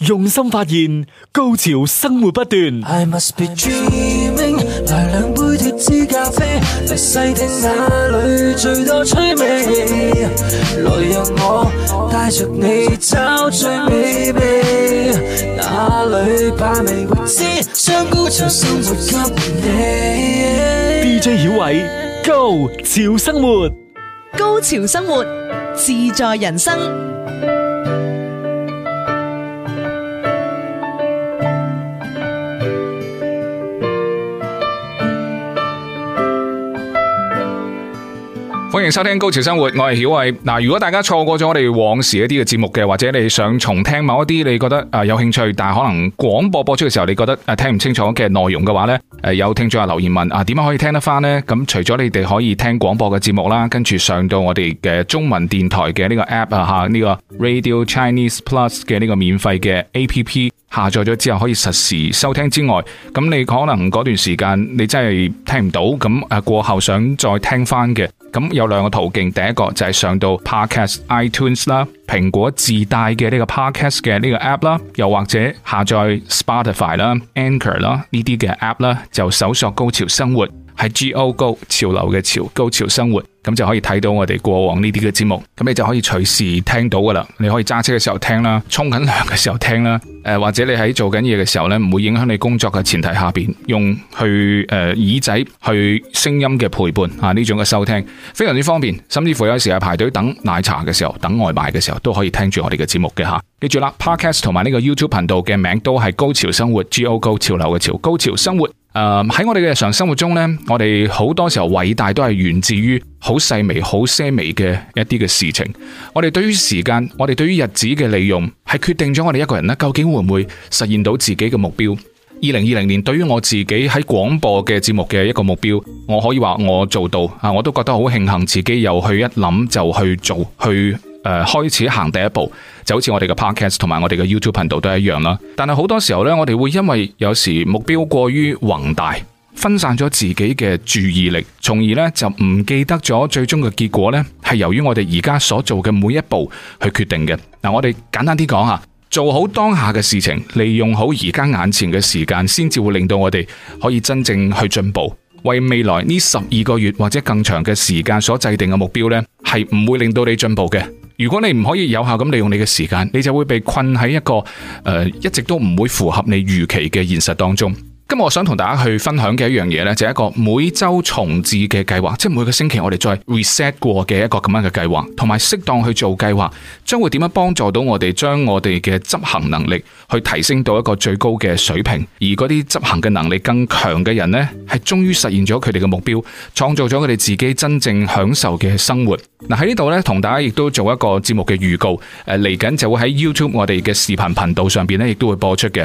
用心發現，高潮生活不斷。I must be dreaming，來兩杯脫脂咖啡，嚟細聽那裏最多趣味。來讓我帶着你找最美味，哪裏把味未知，將高潮生活給你。DJ 小偉，Go，潮生活，高潮生活自在人生。歡迎收聽《高潮生活》，我係曉偉。嗱，如果大家錯過咗我哋往時一啲嘅節目嘅，或者你想重聽某一啲你覺得啊有興趣，但係可能廣播播出嘅時候你覺得啊聽唔清楚嘅內容嘅話呢，誒有聽眾啊留言問啊點樣可以聽得返呢？咁除咗你哋可以聽廣播嘅節目啦，跟住上到我哋嘅中文電台嘅呢個 app 啊，吓呢個 Radio Chinese Plus 嘅呢個免費嘅 app。下載咗之後可以實時收聽之外，咁你可能嗰段時間你真係聽唔到，咁誒過後想再聽翻嘅，咁有兩個途徑，第一個就係上到 Podcast iTunes 啦，蘋果自帶嘅呢個 Podcast 嘅呢個 App 啦，又或者下載 Spotify 啦、Anchor 啦呢啲嘅 App 啦，就搜索高潮生活，係 G O 高，潮流嘅潮，高潮生活。咁就可以睇到我哋過往呢啲嘅節目，咁你就可以隨時聽到噶啦。你可以揸車嘅時候聽啦，沖緊涼嘅時候聽啦，誒或者你喺做緊嘢嘅時候呢，唔會影響你工作嘅前提下邊，用去誒、呃、耳仔去聲音嘅陪伴啊呢種嘅收聽，非常之方便。甚至乎有時係排隊等奶茶嘅時候，等外賣嘅時候，都可以聽住我哋嘅節目嘅吓、啊。記住啦，Podcast 同埋呢個 YouTube 頻道嘅名都係高潮生活 G O G 潮流嘅潮，高潮生活。誒，喺我哋嘅日常生活中呢，我哋好多時候偉大都係源自於好細微、好些微嘅一啲嘅事情。我哋對於時間，我哋對於日子嘅利用，係決定咗我哋一個人咧究竟會唔會實現到自己嘅目標。二零二零年對於我自己喺廣播嘅節目嘅一個目標，我可以話我做到啊！我都覺得好慶幸自己又去一諗就去做，去誒、呃、開始行第一步。就好似我哋嘅 podcast 同埋我哋嘅 YouTube 頻道都一樣啦。但係好多時候咧，我哋會因為有時目標過於宏大，分散咗自己嘅注意力，從而咧，就唔記得咗最終嘅結果咧，係由於我哋而家所做嘅每一步去決定嘅。嗱，我哋簡單啲講下，做好當下嘅事情，利用好而家眼前嘅時間，先至會令到我哋可以真正去進步。為未來呢十二個月或者更長嘅時間所制定嘅目標咧，係唔會令到你進步嘅。如果你唔可以有效咁利用你嘅時間，你就會被困喺一個，呃，一直都唔會符合你預期嘅現實當中。今日我想同大家去分享嘅一樣嘢咧，就係、是、一個每周重置嘅計劃，即係每個星期我哋再 reset 過嘅一個咁樣嘅計劃，同埋適當去做計劃，將會點樣幫助到我哋將我哋嘅執行能力去提升到一個最高嘅水平，而嗰啲執行嘅能力更強嘅人咧，係終於實現咗佢哋嘅目標，創造咗佢哋自己真正享受嘅生活。嗱、啊、喺呢度咧，同大家亦都做一個節目嘅預告，誒嚟緊就會喺 YouTube 我哋嘅視頻頻道上邊咧，亦都會播出嘅。誒、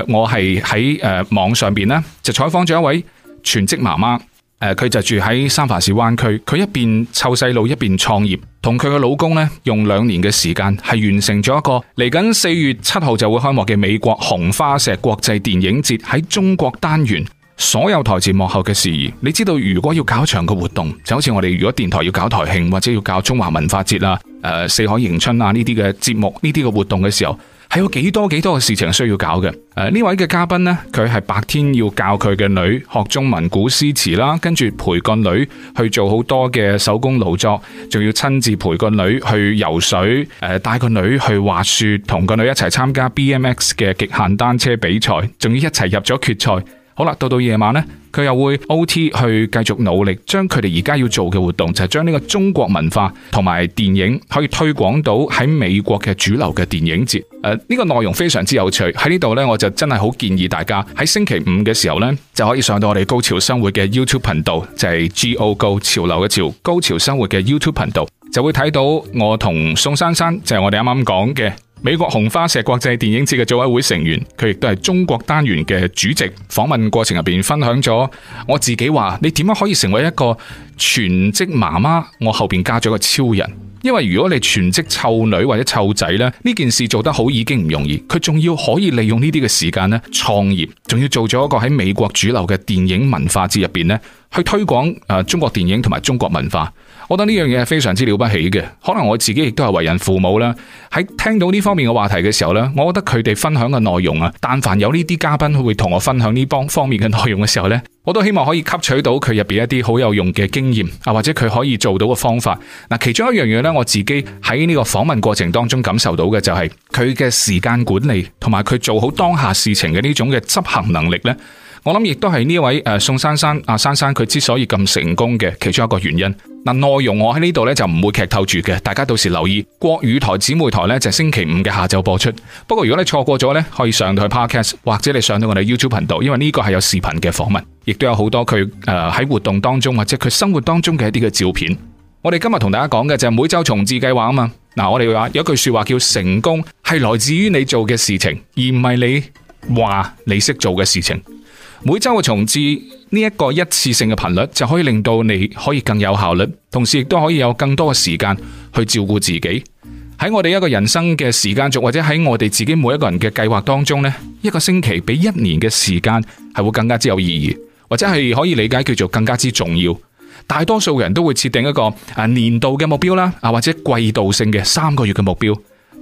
啊，我係喺誒網上邊呢，就採訪咗一位全職媽媽，誒、呃，佢就住喺三藩市灣區，佢一邊湊細路，一邊創業，同佢嘅老公呢，用兩年嘅時間係完成咗一個嚟緊四月七號就會開幕嘅美國紅花石國際電影節喺中國單元所有台前幕後嘅事宜。你知道如果要搞一場嘅活動，就好似我哋如果電台要搞台慶或者要搞中華文化節啊、誒、呃、四海迎春啊呢啲嘅節目呢啲嘅活動嘅時候。係有幾多幾多嘅事情需要搞嘅。誒、呃、呢位嘅嘉賓呢，佢係白天要教佢嘅女學中文古詩詞啦，跟住陪個女去做好多嘅手工勞作，仲要親自陪個女去游水，誒、呃、帶個女去滑雪，同個女一齊參加 BMX 嘅極限單車比賽，仲要一齊入咗決賽。好啦，到到夜晚呢，佢又會 O T 去繼續努力，將佢哋而家要做嘅活動，就係將呢個中國文化同埋電影可以推廣到喺美國嘅主流嘅電影節。誒，呢個內容非常之有趣。喺呢度呢，我就真係好建議大家喺星期五嘅時候呢，就可以上到我哋高潮生活嘅 YouTube 頻道，就係 G O Go 潮流嘅潮，高潮生活嘅 YouTube 頻道，就會睇到我同宋珊珊，就係我哋啱啱講嘅。美國紅花石國際電影節嘅組委會成員，佢亦都係中國單元嘅主席。訪問過程入邊分享咗，我自己話：你點樣可以成為一個全職媽媽？我後邊加咗個超人，因為如果你全職湊女或者湊仔呢，呢件事做得好已經唔容易，佢仲要可以利用呢啲嘅時間呢，創業，仲要做咗一個喺美國主流嘅電影文化節入邊呢，去推廣誒中國電影同埋中國文化。我覺得呢樣嘢係非常之了不起嘅，可能我自己亦都係為人父母啦。喺聽到呢方面嘅話題嘅時候呢，我覺得佢哋分享嘅內容啊，但凡有呢啲嘉賓會同我分享呢幫方面嘅內容嘅時候呢，我都希望可以吸取到佢入邊一啲好有用嘅經驗啊，或者佢可以做到嘅方法。嗱，其中一樣嘢呢，我自己喺呢個訪問過程當中感受到嘅就係佢嘅時間管理同埋佢做好當下事情嘅呢種嘅執行能力呢，我諗亦都係呢位誒宋珊珊阿、啊、珊珊佢之所以咁成功嘅其中一個原因，嗱內容我喺呢度咧就唔會劇透住嘅，大家到時留意國語台姊妹台咧就星期五嘅下晝播出。不過如果你錯過咗咧，可以上到去 podcast 或者你上到我哋 YouTube 頻道，因為呢個係有視頻嘅訪問，亦都有好多佢誒喺活動當中或者佢生活當中嘅一啲嘅照片。我哋今日同大家講嘅就係每周重置計劃啊嘛。嗱，我哋話有句說話叫成功係來自於你做嘅事情，而唔係你話你識做嘅事情。每周嘅重置，呢一個一次性嘅頻率就可以令到你可以更有效率，同時亦都可以有更多嘅時間去照顧自己。喺我哋一個人生嘅時間軸，或者喺我哋自己每一個人嘅計劃當中，呢一個星期比一年嘅時間係會更加之有意義，或者係可以理解叫做更加之重要。大多數人都會設定一個啊年度嘅目標啦，啊或者季度性嘅三個月嘅目標。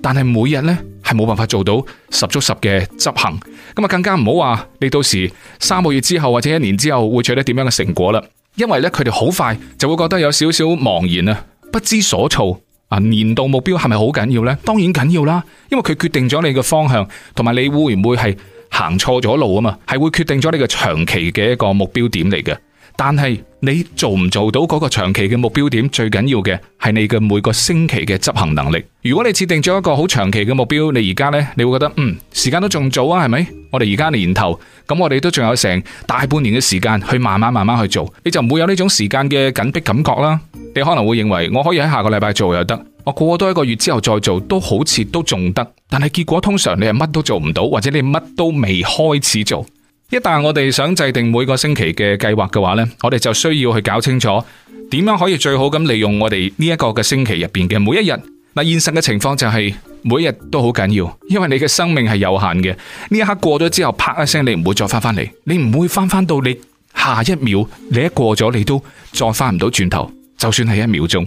但係每日咧，係冇辦法做到十足十嘅執行，咁啊更加唔好話你到時三個月之後或者一年之後會取得點樣嘅成果啦，因為咧，佢哋好快就會覺得有少少茫然啊，不知所措啊。年度目標係咪好緊要呢？當然緊要啦，因為佢決定咗你嘅方向，同埋你會唔會係行錯咗路啊嘛？係會決定咗你嘅長期嘅一個目標點嚟嘅。但係你做唔做到嗰個長期嘅目標點，最緊要嘅係你嘅每個星期嘅執行能力。如果你設定咗一個好長期嘅目標，你而家呢，你會覺得嗯，時間都仲早啊，係咪？我哋而家年頭，咁我哋都仲有成大半年嘅時間去慢慢慢慢去做，你就唔會有呢種時間嘅緊迫感覺啦。你可能會認為我可以喺下個禮拜做又得，我過多一個月之後再做都好似都仲得，但係結果通常你係乜都做唔到，或者你乜都未開始做。一旦我哋想制定每個星期嘅計劃嘅話呢，我哋就需要去搞清楚點樣可以最好咁利用我哋呢一個嘅星期入邊嘅每一日。嗱，現實嘅情況就係每一日都好緊要，因為你嘅生命係有限嘅。呢一刻過咗之後，啪一聲，你唔會再翻返嚟，你唔會翻返到你下一秒，你一過咗，你都再翻唔到轉頭，就算係一秒鐘。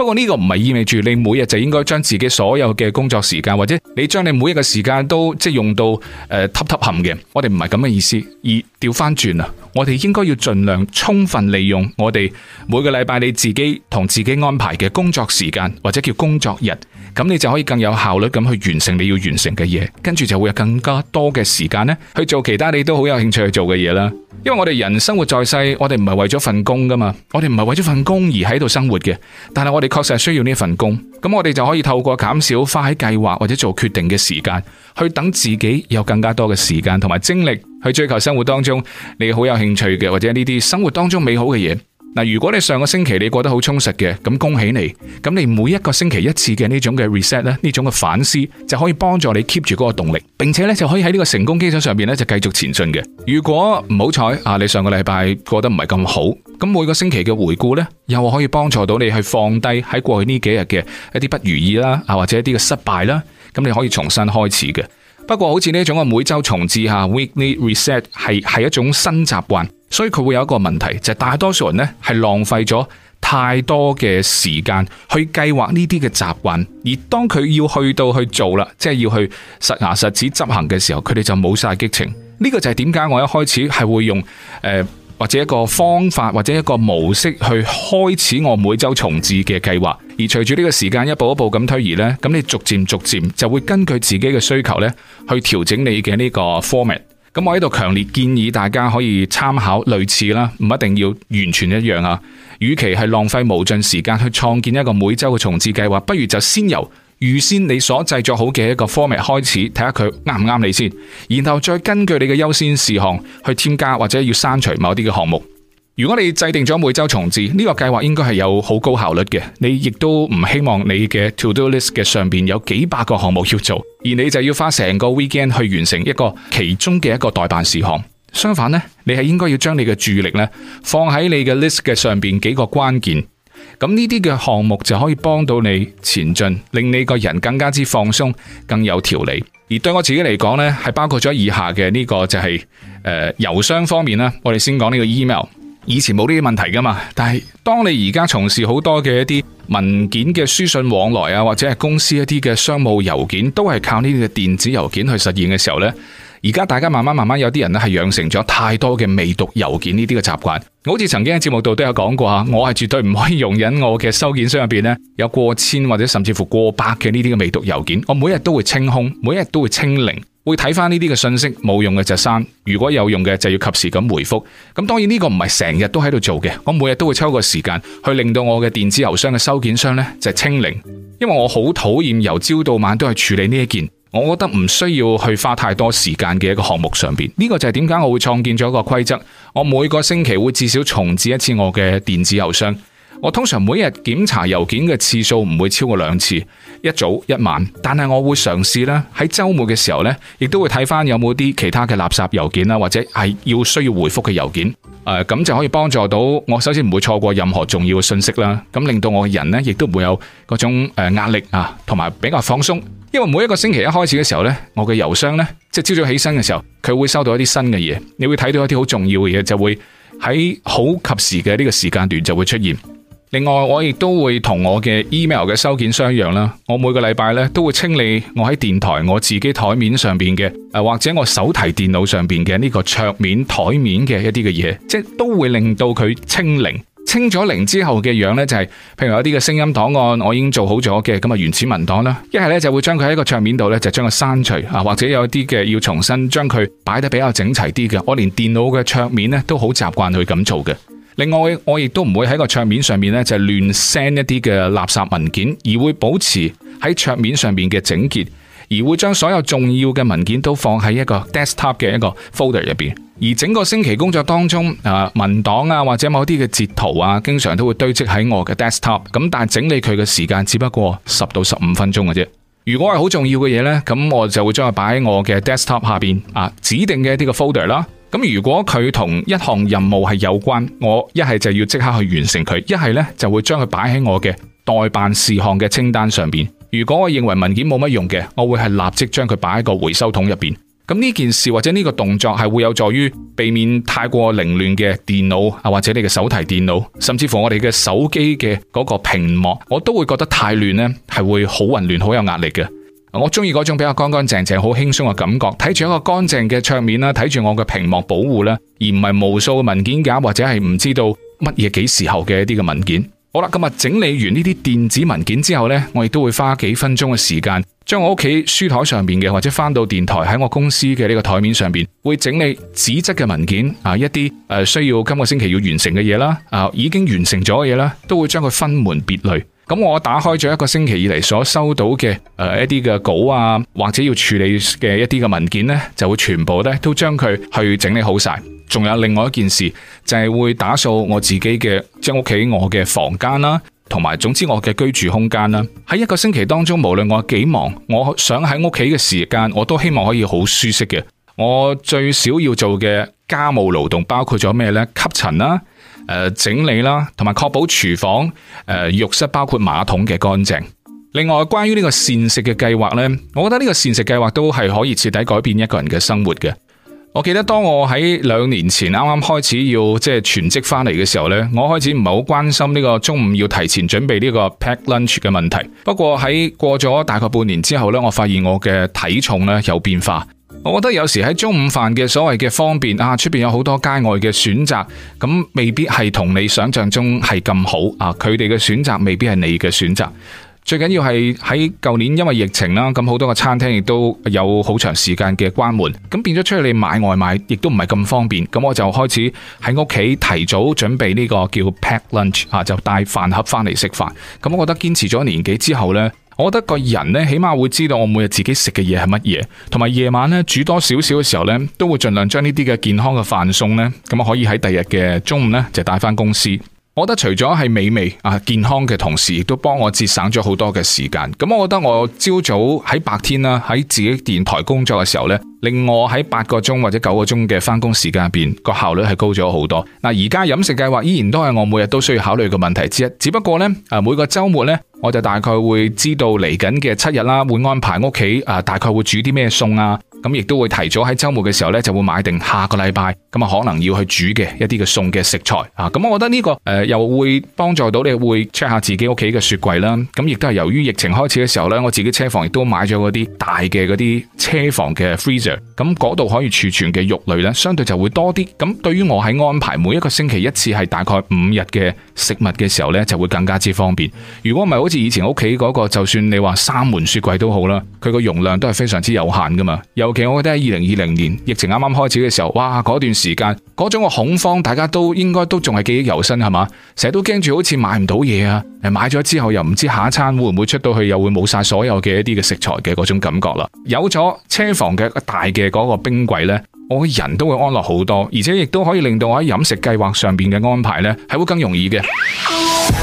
不過呢個唔係意味住你每日就應該將自己所有嘅工作時間，或者你將你每日嘅時間都即係用到誒，凹凹陷嘅。我哋唔係咁嘅意思，而調翻轉啊，我哋應該要盡量充分利用我哋每個禮拜你自己同自己安排嘅工作時間，或者叫工作日。咁你就可以更有效率咁去完成你要完成嘅嘢，跟住就會有更加多嘅時間呢去做其他你都好有興趣去做嘅嘢啦。因為我哋人生活在世，我哋唔係為咗份工噶嘛，我哋唔係為咗份工而喺度生活嘅。但係我哋確實係需要呢份工，咁我哋就可以透過減少花喺計劃或者做決定嘅時間，去等自己有更加多嘅時間同埋精力去追求生活當中你好有興趣嘅或者呢啲生活當中美好嘅嘢。嗱，如果你上個星期你過得好充實嘅，咁恭喜你，咁你每一個星期一次嘅呢種嘅 reset 咧，呢種嘅反思就可以幫助你 keep 住嗰個動力，並且咧就可以喺呢個成功基礎上面咧就繼續前進嘅。如果唔好彩啊，你上個禮拜過得唔係咁好，咁每個星期嘅回顧呢又可以幫助到你去放低喺過去呢幾日嘅一啲不如意啦，啊或者一啲嘅失敗啦，咁你可以重新開始嘅。不過好似呢種嘅每周重置下 weekly reset 係係一種新習慣。所以佢會有一個問題，就係、是、大多數人呢係浪費咗太多嘅時間去計劃呢啲嘅習慣，而當佢要去到去做啦，即係要去實牙實齒執行嘅時候，佢哋就冇晒激情。呢、這個就係點解我一開始係會用誒、呃、或者一個方法或者一個模式去開始我每周重置嘅計劃，而隨住呢個時間一步一步咁推移呢，咁你逐漸逐漸就會根據自己嘅需求呢去調整你嘅呢個 format。咁我喺度強烈建議大家可以參考類似啦，唔一定要完全一樣啊。與其係浪費無盡時間去創建一個每週嘅重置計劃，不如就先由預先你所製作好嘅一個 format 開始，睇下佢啱唔啱你先，然後再根據你嘅優先事項去添加或者要刪除某啲嘅項目。如果你制定咗每周重置呢、呢個計劃，應該係有好高效率嘅。你亦都唔希望你嘅 todo list 嘅上邊有幾百個項目要做，而你就要花成個 weekend 去完成一個其中嘅一個待辦事項。相反呢，你係應該要將你嘅注意力呢放喺你嘅 list 嘅上邊幾個關鍵。咁呢啲嘅項目就可以幫到你前進，令你個人更加之放鬆，更有條理。而對我自己嚟講、就是呃、呢，係包括咗以下嘅呢個就係誒郵箱方面啦。我哋先講呢個 email。以前冇呢啲問題噶嘛，但係當你而家從事好多嘅一啲文件嘅書信往來啊，或者係公司一啲嘅商務郵件，都係靠呢啲嘅電子郵件去實現嘅時候呢，而家大家慢慢慢慢有啲人咧係養成咗太多嘅未讀郵件呢啲嘅習慣。我好似曾經喺節目度都有講過啊，我係絕對唔可以容忍我嘅收件箱入邊呢，有過千或者甚至乎過百嘅呢啲嘅未讀郵件，我每日都會清空，每日都會清零。會睇翻呢啲嘅信息冇用嘅就刪，如果有用嘅就要及時咁回覆。咁當然呢個唔係成日都喺度做嘅，我每日都會抽個時間去令到我嘅電子郵箱嘅收件箱呢就是、清零，因為我好討厭由朝到晚都係處理呢一件，我覺得唔需要去花太多時間嘅一個項目上邊。呢個就係點解我會創建咗一個規則，我每個星期會至少重置一次我嘅電子郵箱。我通常每日檢查郵件嘅次數唔會超過兩次。一早一晚，但係我會嘗試啦。喺周末嘅時候呢，亦都會睇翻有冇啲其他嘅垃圾郵件啦，或者係要需要回覆嘅郵件。誒、呃，咁就可以幫助到我，首先唔會錯過任何重要嘅信息，啦。咁令到我嘅人呢，亦都唔會有嗰種誒壓力啊，同埋比較放鬆。因為每一個星期一開始嘅時候呢，我嘅郵箱呢，即係朝早起身嘅時候，佢會收到一啲新嘅嘢，你會睇到一啲好重要嘅嘢，就會喺好及時嘅呢個時間段就會出現。另外，我亦都會同我嘅 email 嘅收件箱一樣啦。我每個禮拜咧都會清理我喺電台我自己台面上邊嘅誒，或者我手提電腦上邊嘅呢個桌面台面嘅一啲嘅嘢，即都會令到佢清零。清咗零之後嘅樣呢，就係、是，譬如有啲嘅聲音檔案我已經做好咗嘅咁啊原始文檔啦，一係呢，就會將佢喺個桌面度呢，就將佢刪除啊，或者有啲嘅要重新將佢擺得比較整齊啲嘅。我連電腦嘅桌面呢，都好習慣去咁做嘅。另外，我亦都唔會喺個桌面上面咧就亂 send 一啲嘅垃圾文件，而會保持喺桌面上面嘅整潔，而會將所有重要嘅文件都放喺一個 desktop 嘅一個 folder 入邊。而整個星期工作當中，啊文檔啊或者某啲嘅截圖啊，經常都會堆積喺我嘅 desktop。咁但係整理佢嘅時間只不過十到十五分鐘嘅啫。如果係好重要嘅嘢呢，咁我就會將佢擺喺我嘅 desktop 下邊啊，指定嘅一啲嘅 folder 啦。咁如果佢同一項任務係有關，我一係就要即刻去完成佢，一係呢就會將佢擺喺我嘅待辦事項嘅清單上邊。如果我認為文件冇乜用嘅，我會係立即將佢擺喺個回收桶入邊。咁呢件事或者呢個動作係會有助於避免太過凌亂嘅電腦啊，或者你嘅手提電腦，甚至乎我哋嘅手機嘅嗰個屏幕，我都會覺得太亂呢，係會好混亂、好有壓力嘅。我中意嗰種比較乾乾淨淨、好輕鬆嘅感覺，睇住一個乾淨嘅桌面啦，睇住我嘅屏幕保護啦，而唔係無數嘅文件夾或者係唔知道乜嘢幾時候嘅一啲嘅文件。好啦，今日整理完呢啲電子文件之後呢，我亦都會花幾分鐘嘅時間，將我屋企書台上面嘅或者返到電台喺我公司嘅呢個台面上邊，會整理紙質嘅文件啊，一啲誒需要今個星期要完成嘅嘢啦，啊已經完成咗嘅嘢啦，都會將佢分門別類。咁我打開咗一個星期以嚟所收到嘅誒一啲嘅稿啊，或者要處理嘅一啲嘅文件呢，就會全部呢都將佢去整理好晒。仲有另外一件事，就係、是、會打掃我自己嘅將屋企我嘅房間啦、啊，同埋總之我嘅居住空間啦、啊。喺一個星期當中，無論我幾忙，我想喺屋企嘅時間，我都希望可以好舒適嘅。我最少要做嘅家務勞動包括咗咩呢？吸塵啦、啊。整理啦，同埋確保廚房、呃、浴室包括馬桶嘅乾淨。另外，關於呢個膳食嘅計劃呢，我覺得呢個膳食計劃都係可以徹底改變一個人嘅生活嘅。我記得當我喺兩年前啱啱開始要即係全職翻嚟嘅時候呢，我開始唔係好關心呢個中午要提前準備呢個 pack lunch 嘅問題。不過喺過咗大概半年之後呢，我發現我嘅體重呢有變化。我覺得有時喺中午飯嘅所謂嘅方便啊，出邊有好多街外嘅選擇，咁未必係同你想象中係咁好啊。佢哋嘅選擇未必係你嘅選擇。最緊要係喺舊年因為疫情啦，咁好多個餐廳亦都有好長時間嘅關門，咁變咗出去你買外賣亦都唔係咁方便。咁我就開始喺屋企提早準備呢個叫 pack lunch 啊，就帶飯盒翻嚟食飯。咁我覺得堅持咗年幾之後呢。我覺得個人呢，起碼會知道我每日自己食嘅嘢係乜嘢，同埋夜晚呢煮多少少嘅時候呢，都會盡量將呢啲嘅健康嘅飯餸呢，咁啊可以喺第二日嘅中午呢，就帶翻公司。我覺得除咗係美味啊，健康嘅同時，亦都幫我節省咗好多嘅時間。咁我覺得我朝早喺白天啦，喺自己電台工作嘅時候咧，令我喺八個鐘或者九個鐘嘅翻工時間入邊個效率係高咗好多。嗱、啊，而家飲食計劃依然都係我每日都需要考慮嘅問題之一。只不過咧，誒、啊、每個周末咧，我就大概會知道嚟緊嘅七日啦，會安排屋企誒大概會煮啲咩餸啊。咁亦都會提早喺周末嘅時候呢，就會買定下個禮拜咁啊，可能要去煮嘅一啲嘅餸嘅食材啊。咁我覺得呢個，誒，呃，又會幫助到你會 check 下自己屋企嘅雪櫃啦。咁亦都係由於疫情開始嘅時候呢，我自己車房亦都買咗嗰啲大嘅嗰啲車房嘅 freezer，咁嗰度可以儲存嘅肉類呢，相對就會多啲。咁對於我喺安排每一個星期一次係大概五日嘅食物嘅時候呢，就會更加之方便。如果唔係好似以前屋企嗰個，就算你話三門雪櫃都好啦，佢個容量都係非常之有限噶嘛。OK，我覺得喺二零二零年疫情啱啱開始嘅時候，哇！嗰段時間嗰種嘅恐慌，大家都應該都仲係記憶猶新，係嘛？成日都驚住好似買唔到嘢啊！誒，買咗之後又唔知下一餐會唔會出到去，又會冇晒所有嘅一啲嘅食材嘅嗰種感覺啦。有咗車房嘅大嘅嗰個冰櫃呢，我嘅人都會安樂好多，而且亦都可以令到我喺飲食計劃上邊嘅安排呢係會更容易嘅。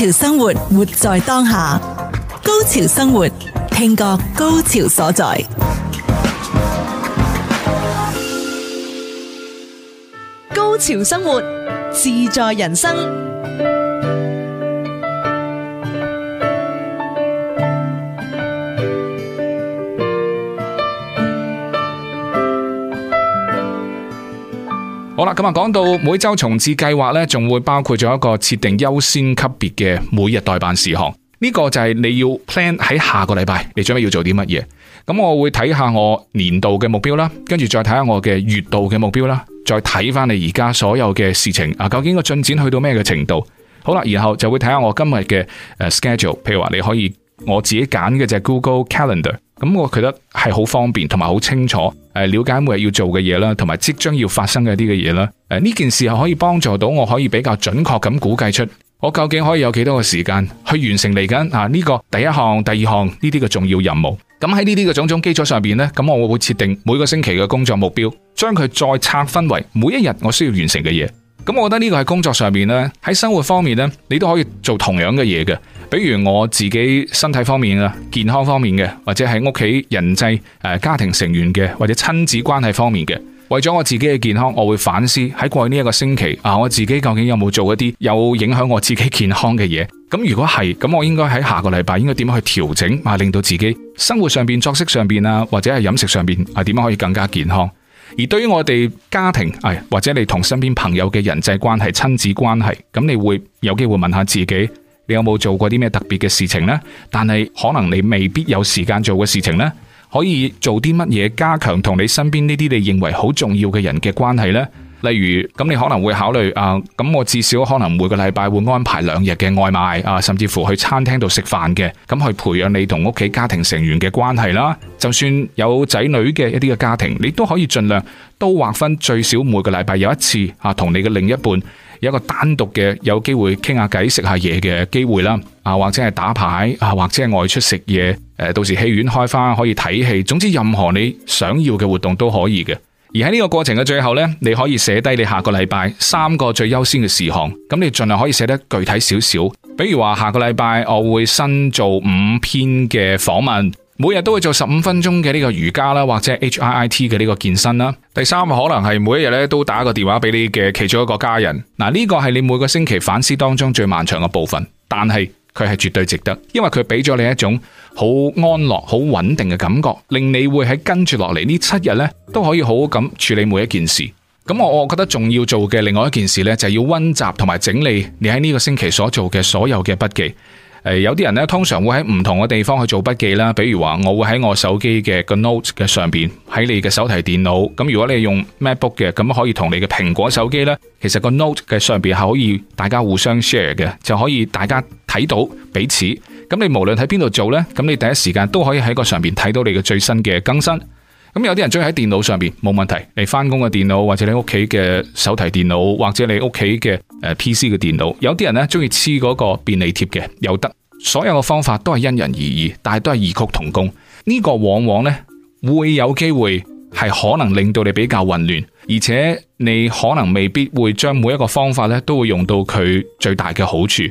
高潮生活，活在當下；高潮生活，聽覺高潮所在；高潮生活，自在人生。好啦，咁啊，講到每周重置計劃呢，仲會包括咗一個設定優先級別嘅每日代辦事項。呢個就係你要 plan 喺下個禮拜，你最尾要做啲乜嘢。咁我會睇下我年度嘅目標啦，跟住再睇下我嘅月度嘅目標啦，再睇翻你而家所有嘅事情啊，究竟個進展去到咩嘅程度？好啦，然後就會睇下我今日嘅 schedule，譬如話你可以我自己揀嘅就係 Google Calendar，咁我覺得係好方便同埋好清楚。誒，了解每日要做嘅嘢啦，同埋即將要發生嘅一啲嘅嘢啦。誒，呢件事又可以幫助到我，可以比較準確咁估計出我究竟可以有幾多個時間去完成嚟緊啊呢個第一項、第二項呢啲嘅重要任務。咁喺呢啲嘅種種基礎上邊咧，咁我會設定每個星期嘅工作目標，將佢再拆分為每一日我需要完成嘅嘢。咁我覺得呢個係工作上面咧，喺生活方面呢，你都可以做同樣嘅嘢嘅。比如我自己身體方面啊，健康方面嘅，或者喺屋企人際誒家庭成員嘅，或者親子關係方面嘅。為咗我自己嘅健康，我會反思喺過去呢一個星期啊，我自己究竟有冇做一啲有影響我自己健康嘅嘢？咁如果係，咁我應該喺下個禮拜應該點樣去調整啊，令到自己生活上邊作息上邊啊，或者係飲食上邊啊，點樣可以更加健康？而對於我哋家庭，誒、哎，或者你同身邊朋友嘅人際關係、親子關係，咁你會有機會問下自己，你有冇做過啲咩特別嘅事情呢？但係可能你未必有時間做嘅事情呢？可以做啲乜嘢加強同你身邊呢啲你認為好重要嘅人嘅關係呢？」例如咁，你可能會考慮啊，咁我至少可能每個禮拜會安排兩日嘅外賣啊，甚至乎去餐廳度食飯嘅，咁、啊、去培養你同屋企家庭成員嘅關係啦。就算有仔女嘅一啲嘅家庭，你都可以盡量都劃分最少每個禮拜有一次啊，同你嘅另一半有一個單獨嘅有機會傾下偈、食下嘢嘅機會啦。啊，或者係打牌啊，或者係外出食嘢。誒、啊，到時戲院開返可以睇戲，總之任何你想要嘅活動都可以嘅。而喺呢個過程嘅最後呢，你可以寫低你下個禮拜三個最優先嘅事項。咁你盡量可以寫得具體少少，比如話下個禮拜我會新做五篇嘅訪問，每日都會做十五分鐘嘅呢個瑜伽啦，或者 HIIT 嘅呢個健身啦。第三可能係每一日咧都打個電話俾你嘅其中一個家人。嗱、這、呢個係你每個星期反思當中最漫長嘅部分，但係。佢係絕對值得，因為佢俾咗你一種好安樂、好穩定嘅感覺，令你會喺跟住落嚟呢七日咧都可以好好咁處理每一件事。咁我我覺得仲要做嘅另外一件事呢，就係要溫習同埋整理你喺呢個星期所做嘅所有嘅筆記。誒，有啲人咧通常會喺唔同嘅地方去做筆記啦，比如話我會喺我手機嘅個 note 嘅上邊，喺你嘅手提電腦，咁如果你用 MacBook 嘅，咁可以同你嘅蘋果手機呢，其實個 note 嘅上邊係可以大家互相 share 嘅，就可以大家睇到彼此。咁你無論喺邊度做呢，咁你第一時間都可以喺個上邊睇到你嘅最新嘅更新。咁有啲人中意喺電腦上邊冇問題，你翻工嘅電腦或者你屋企嘅手提電腦或者你屋企嘅誒 PC 嘅電腦，有啲人咧中意黐嗰個便利貼嘅又得，所有嘅方法都係因人而異，但係都係異曲同工。呢、這個往往呢，會有機會係可能令到你比較混亂，而且你可能未必會將每一個方法呢，都會用到佢最大嘅好處。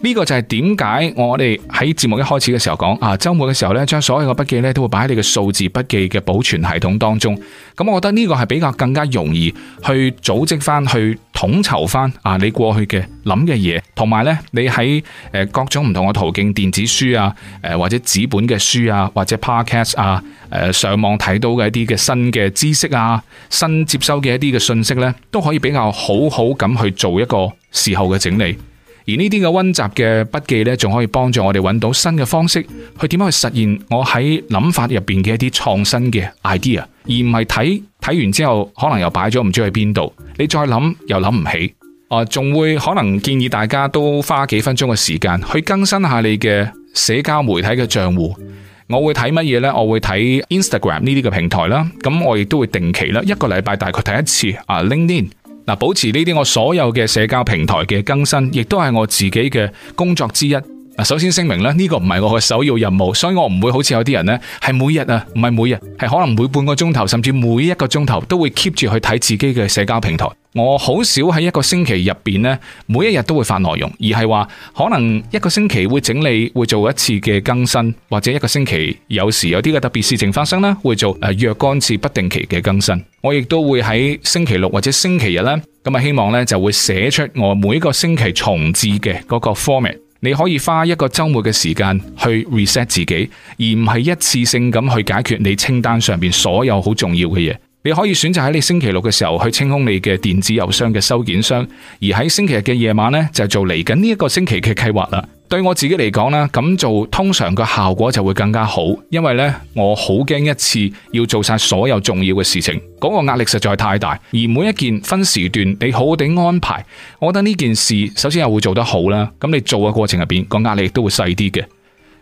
呢個就係點解我哋喺節目一開始嘅時候講啊，周末嘅時候咧，將所有嘅筆記咧都會擺喺你嘅數字筆記嘅保存系統當中。咁、嗯、我覺得呢個係比較更加容易去組織翻、去統籌翻啊，你過去嘅諗嘅嘢，同埋呢，你喺誒各種唔同嘅途徑，電子書啊，誒或者紙本嘅書啊，或者 podcast 啊，誒、呃、上網睇到嘅一啲嘅新嘅知識啊，新接收嘅一啲嘅信息呢，都可以比較好好咁去做一個事後嘅整理。而呢啲嘅溫習嘅筆記咧，仲可以幫助我哋揾到新嘅方式去點樣去實現我喺諗法入邊嘅一啲創新嘅 idea，而唔係睇睇完之後可能又擺咗唔知去邊度，你再諗又諗唔起。啊，仲會可能建議大家都花幾分鐘嘅時間去更新下你嘅社交媒體嘅賬戶。我會睇乜嘢呢？我會睇 Instagram 呢啲嘅平台啦，咁我亦都會定期啦，一個禮拜大概睇一次啊，LinkedIn。嗱，保持呢啲我所有嘅社交平台嘅更新，亦都係我自己嘅工作之一。首先聲明咧，呢個唔係我嘅首要任務，所以我唔會好似有啲人呢，係每日啊，唔係每日，係可能每半個鐘頭，甚至每一個鐘頭都會 keep 住去睇自己嘅社交平台。我好少喺一個星期入邊呢，每一日都會發內容，而係話可能一個星期會整理會做一次嘅更新，或者一個星期有時有啲嘅特別事情發生啦，會做啊若干次不定期嘅更新。我亦都會喺星期六或者星期日呢，咁啊，希望呢就會寫出我每個星期重置嘅嗰個 format。你可以花一個周末嘅時間去 reset 自己，而唔係一次性咁去解決你清單上面所有好重要嘅嘢。你可以選擇喺你星期六嘅時候去清空你嘅電子郵箱嘅收件箱，而喺星期日嘅夜晚呢，就做嚟緊呢一個星期嘅計劃啦。對我自己嚟講咧，咁做通常個效果就會更加好，因為呢，我好驚一次要做晒所有重要嘅事情，嗰個壓力實在太大。而每一件分時段，你好好地安排，我覺得呢件事首先又會做得好啦。咁你做嘅過程入邊，個壓力都會細啲嘅。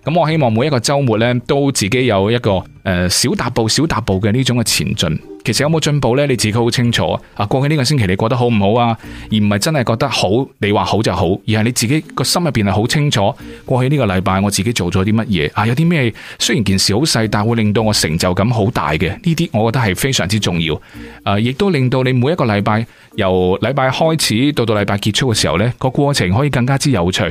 咁、嗯、我希望每一個周末咧，都自己有一個誒、呃、小踏步、小踏步嘅呢種嘅前進。其實有冇進步呢？你自己好清楚啊。過去呢個星期，你過得好唔好啊？而唔係真係覺得好，你話好就好，而係你自己個心入邊係好清楚。過去呢個禮拜，我自己做咗啲乜嘢啊？有啲咩？雖然件事好細，但係會令到我成就感好大嘅。呢啲我覺得係非常之重要。誒、啊，亦都令到你每一個禮拜由禮拜開始到到禮拜結束嘅時候呢，個過程可以更加之有趣。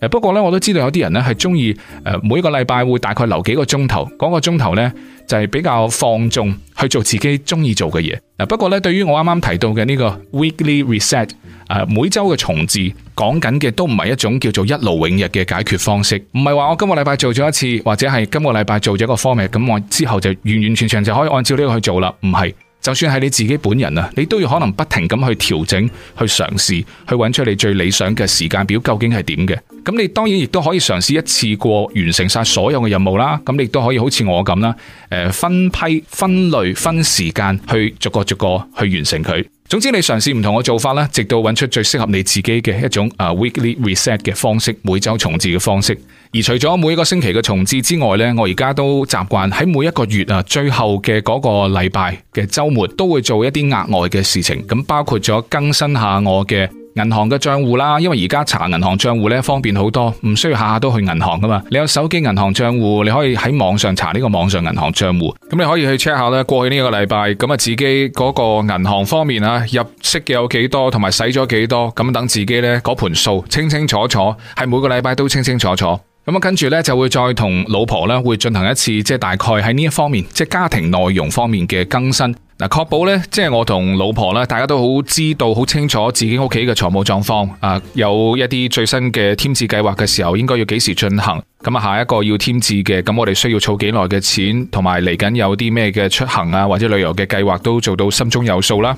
誒，不過咧，我都知道有啲人咧係中意，誒，每個禮拜會大概留幾個鐘頭，嗰、那個鐘頭咧就係比較放縱去做自己中意做嘅嘢。嗱，不過咧，對於我啱啱提到嘅呢個 weekly reset，誒，每周嘅重置，講緊嘅都唔係一種叫做一勞永逸嘅解決方式，唔係話我今個禮拜做咗一次，或者係今個禮拜做咗一個 format，咁我之後就完完全全就可以按照呢個去做啦，唔係。就算係你自己本人啊，你都要可能不停咁去調整、去嘗試、去揾出你最理想嘅時間表，究竟係點嘅？咁你當然亦都可以嘗試一次過完成晒所有嘅任務啦。咁你都可以好似我咁啦，誒、呃，分批、分類、分時間去逐個逐個去完成佢。總之，你嘗試唔同嘅做法啦，直到揾出最適合你自己嘅一種啊 weekly reset 嘅方式，每周重置嘅方式。而除咗每一個星期嘅重置之外呢，我而家都習慣喺每一個月啊最後嘅嗰個禮拜嘅周末都會做一啲額外嘅事情。咁包括咗更新下我嘅銀行嘅賬戶啦，因為而家查銀行賬戶呢方便好多，唔需要下下都去銀行噶嘛。你有手機銀行賬戶，你可以喺網上查呢個網上銀行賬戶。咁你可以去 check 下呢過去呢個禮拜咁啊，自己嗰個銀行方面啊入息嘅有幾多，同埋使咗幾多，咁等自己呢嗰盤數清清楚楚，係每個禮拜都清清楚楚。咁跟住呢，就會再同老婆呢會進行一次，即係大概喺呢一方面，即係家庭內容方面嘅更新。嗱，確保呢，即係我同老婆呢，大家都好知道、好清楚自己屋企嘅財務狀況。啊，有一啲最新嘅添置計劃嘅時候，應該要幾時進行？咁啊，下一個要添置嘅，咁我哋需要儲幾耐嘅錢，同埋嚟緊有啲咩嘅出行啊，或者旅遊嘅計劃，都做到心中有數啦。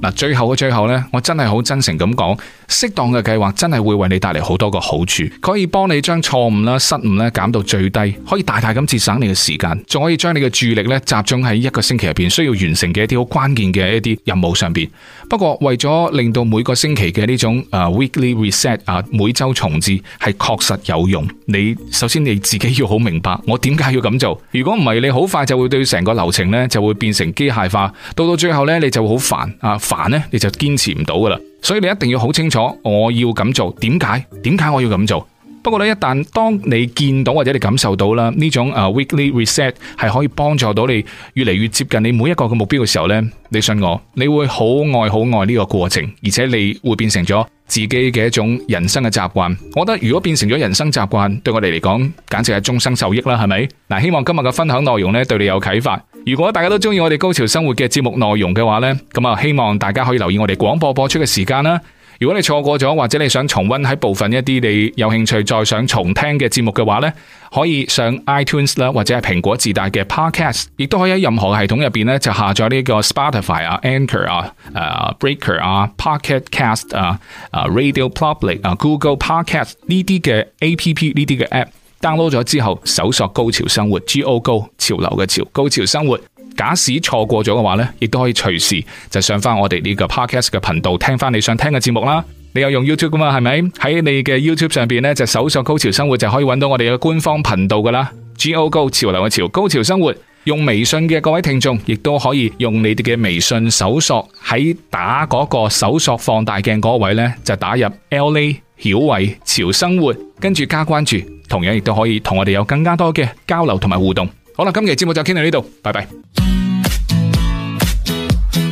嗱，最後嘅最後呢，我真係好真誠咁講，適當嘅計劃真係會為你帶嚟好多個好處，可以幫你將錯誤啦、失誤咧減到最低，可以大大咁節省你嘅時間，仲可以將你嘅注意力咧集中喺一個星期入邊需要完成嘅一啲好關鍵嘅一啲任務上邊。不過為咗令到每個星期嘅呢種誒 weekly reset 啊，每周重置係確實有用，你首先你自己要好明白，我點解要咁做？如果唔係，你好快就會對成個流程咧就會變成機械化，到到最後咧你就會好煩啊！煩咧，你就堅持唔到噶啦，所以你一定要好清楚，我要咁做點解？點解我要咁做？不過咧，一旦當你見到或者你感受到啦呢種誒 weekly reset 係可以幫助到你越嚟越接近你每一個嘅目標嘅時候呢，你信我，你會好愛好愛呢個過程，而且你會變成咗自己嘅一種人生嘅習慣。我覺得如果變成咗人生習慣，對我哋嚟講，簡直係終生受益啦，係咪？嗱，希望今日嘅分享內容呢對你有啟發。如果大家都中意我哋高潮生活嘅節目內容嘅話呢，咁啊，希望大家可以留意我哋廣播播出嘅時間啦。如果你錯過咗，或者你想重溫喺部分一啲你有興趣再想重聽嘅節目嘅話呢，可以上 iTunes 啦，或者係蘋果自帶嘅 Podcast，亦都可以喺任何系統入邊呢就下載呢個 Spotify 啊、Anchor 啊、Breaker 啊、Pocket Cast 啊、Radio Public 啊、Google Podcast 呢啲嘅 A P P 呢啲嘅 App，download 咗之後搜索高潮生活 G O Go 潮流嘅潮高潮生活。假使錯過咗嘅話呢，亦都可以隨時就上翻我哋呢個 podcast 嘅頻道聽翻你想聽嘅節目啦。你有用 YouTube 噶嘛？係咪？喺你嘅 YouTube 上邊呢，就搜索高潮生活就可以揾到我哋嘅官方頻道噶啦。G O 高潮流嘅潮，高潮生活。用微信嘅各位聽眾亦都可以用你哋嘅微信搜索喺打嗰個搜索放大鏡嗰位呢，就打入 L A 曉慧潮生活，跟住加關注，同樣亦都可以同我哋有更加多嘅交流同埋互動。好啦，今期節目就傾到呢度，拜拜。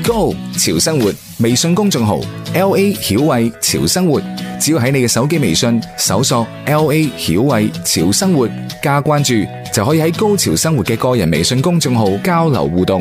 高潮生活微信公眾號 LA 曉慧潮生活，只要喺你嘅手機微信搜索 LA 曉慧潮生活加關注，就可以喺高潮生活嘅個人微信公眾號交流互動。